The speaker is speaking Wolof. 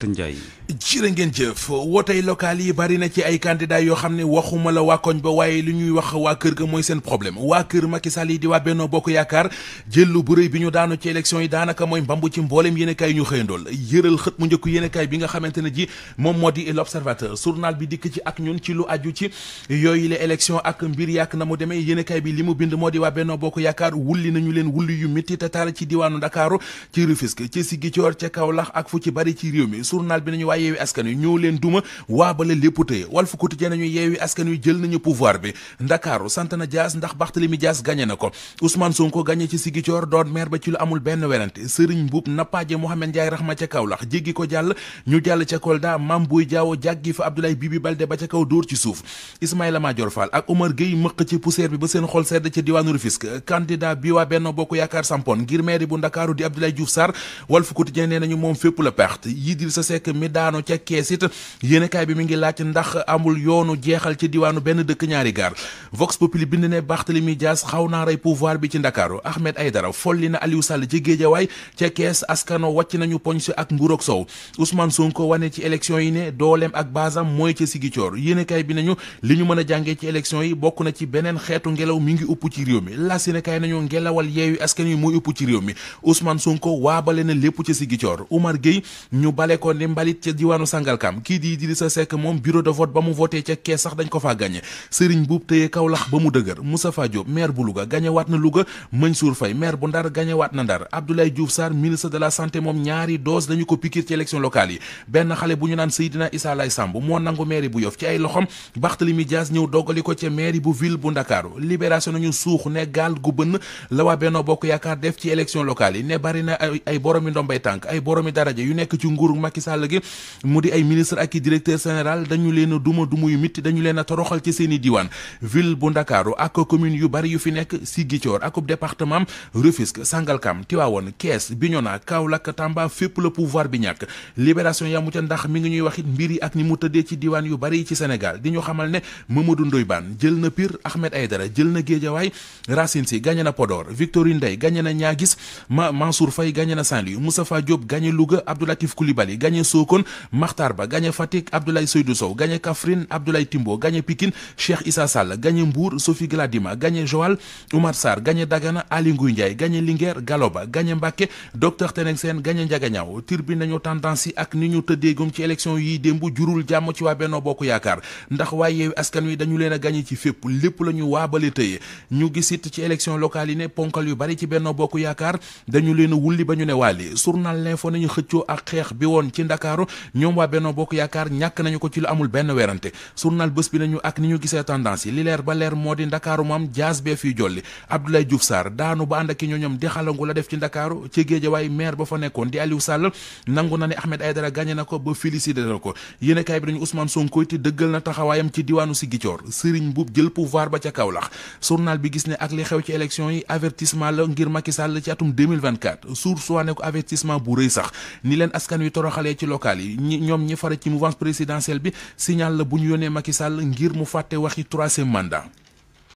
a ngeen jëf wootey local yi bari na ci ay candidat yoo xam ne waxuma la waa koñ ba waaye li ñuy wax waa kër ga mooy seen problème waa kër Macky Sall yi di waa Benno Bokk Yaakaar jël lu bu rëy bi ñu daanu ci élection yi daanaka mooy mbambu ci mbooleem yéenekaay yi ñu xëyandool yëral xët mu njëkk yéenekaay bi nga xamante ne ji moom moo di l'Observateur journal bi dikk ci ak ñun ci lu aju ci yooyu la élection ak mbir yàq na mu demee yéenekaay bi li mu bind moo di waa Benno Bokk Yaakaar wulli nañu leen wulli yu métti te ci diwaanu Ndakaaru ci Rufisque ci Ziguinchor ca Kaolack ak fu ci bari ci réew mi journal bi nañu waa yeewi askan wi ñoo leen duma waa bale lépp tëye Walf Quotidien nañu yeewi askan wi jël nañu pouvoir bi ndakaaru sant na Dias ndax Barthélémy Dias gagné na ko Ousmane Sonko gagné ci Ziguinchor doon maire ba ci lu amul benn werante Serigne Mboup nappaaje Mohamed Ndiaye Rahma ca Kaolack jéggi ko jàll ñu jàll ca Kolda Mame Boye Diao jàggi fa Abdoulaye Bibi ca kaw ci suuf Ismaïla ci ba seen xol sedd ca diwaanu Rufisque candidat bi waa Benno Bokk Yaakaar sampoon ngir nee nañu moom fépp la perte Idrissa Seck mi daanu ca kees it bi mi ngi laaj ndax amul yoonu jeexal ci diwaanu benn dëkk ñaari gaar Vox Populi bind ne Barthélémy Dias xaw naa rey pouvoir bi ci Ndakaaru Ahmed Aïdara folli na Aliou Sall ci Géejawaay ca kees askano wàcc nañu poñ si ak mburook sow Ousmane Sonko wane ci élection yi ne dooleem ak basam mooy ca Sigicoor yéenekaay bi nañu li ñu mën a jàngee ci élection yi bokk na ci beneen xeetu ngelaw mi ngi upp ci réew mi las yéenekaay nañu ngelawal yeewi askan yi mooy upp ci réew mi Ousmane Sonko waabale na lépp ca Sigicoor nekkoon di mbalit ca diwaanu Sangalkam kii di Idrissa Seck moom bureau de vote ba mu voté ca kees sax dañ ko faa gagné Serigne Boub tëye Kaolack ba mu dëgër Moustapha Diop maire bu Louga gagné waat na Louga Mansour Faye maire bu Ndar gagné waat na Ndar Abdoulaye Diouf Sarr ministre de la santé moom ñaari dose lañu ko piquer ci élection locale yi benn xale bu ñu naan Seydina Issa Lay Samb moo nangu maire bu Yoff ci ay loxom Barthélémy Dias ñëw doggali ko ca maire bu ville bu Ndakaaru libération nañu suux ne gaal gu bënn la Bokk Yaakaar def ci élection locale yi ne bari na ay boroomi ndombay tànk ay boroomi daraja yu nekk ci nguuru Macky Macky Sall gi mu di ay ministre ak i directeur général dañu leen a duma duma yu mitti dañu leen a toroxal ci seen i diwaan ville bu Ndakaaru ak commune yu bari yu fi nekk Ziguinchor akub département Rufisque Sangalkam Tivaouane Thiès Bignona Kaolack Tamba fépp le pouvoir bi ñàkk libération yamu ca ndax mi ngi ñuy wax mbir yi ak ni mu tëddee ci diwaan yu bari yi ci Sénégal di ñu xamal ne Mamadou Ndoye Bane jël na Pire Ahmed Aïdara jël na Guédiawaye Racine Sy gagné na Podor Victorine Ndeye gagné na Niaguis ma gagné Sokone Makhtar Ba gagné Fatick Abdoulaye Seydou Sow gagné Kaffrine Abdoulaye Timbo gagné Pikine Cheikh Issa Sall gagné Mbour Sophie Gladima gagné Joal Oumar Sarr gagné Dagana Ali Nguy Ndiaye gagné Linguère Galoba gagné Mbacké docteur Tenek Sène gagné Ndiaganiao turbine nañu tendance yi ak ni ñu tëddeegum ci élection yi démb jurul jàmm ci waa Benno Bokk Yaakaar ndax waa Yewwi Askan Wi dañu leen a gagné ci fépp lépp la ñu waabale tëye ñu gisit ci élection locale yi ne ponkal yu bari ci Benno Bokk Yaakaar dañu leen a ba ñu ne wàlli journal l'info nañu bi woon ci ndakaaru ñoom waa Benno Bokk Yaakaar ñàkk nañu ko ci lu amul benn werante journal bés bi nañu ak ni ñu gisee tendance yi li leer ba leer moo di ndakaaru moom jaas bee fiy jolli Abdoulaye Diouf Sarr daanu ba ànd ak ki ñooñom di xalangu la def ci ndakaaru ci géejawaay maire ba fa nekkoon di Aliou Sall nangu na ne Ahmed Aïdara gagné na ko ba félicité na ko yéen bi dañu Ousmane Sonko it dëggal na taxawaayam ci diwaanu Ziguinchor Serigne Mboup jël pouvoir gis ne ak li xew yi avertissement la ngir Macky Sall ci atum 2024 source waa falee ci local yi ñi ñoom ñi fare ci mouvance présidentielle bi signal la bu ñu yónnee Macky ngir mu fàtte waxi troisième mandat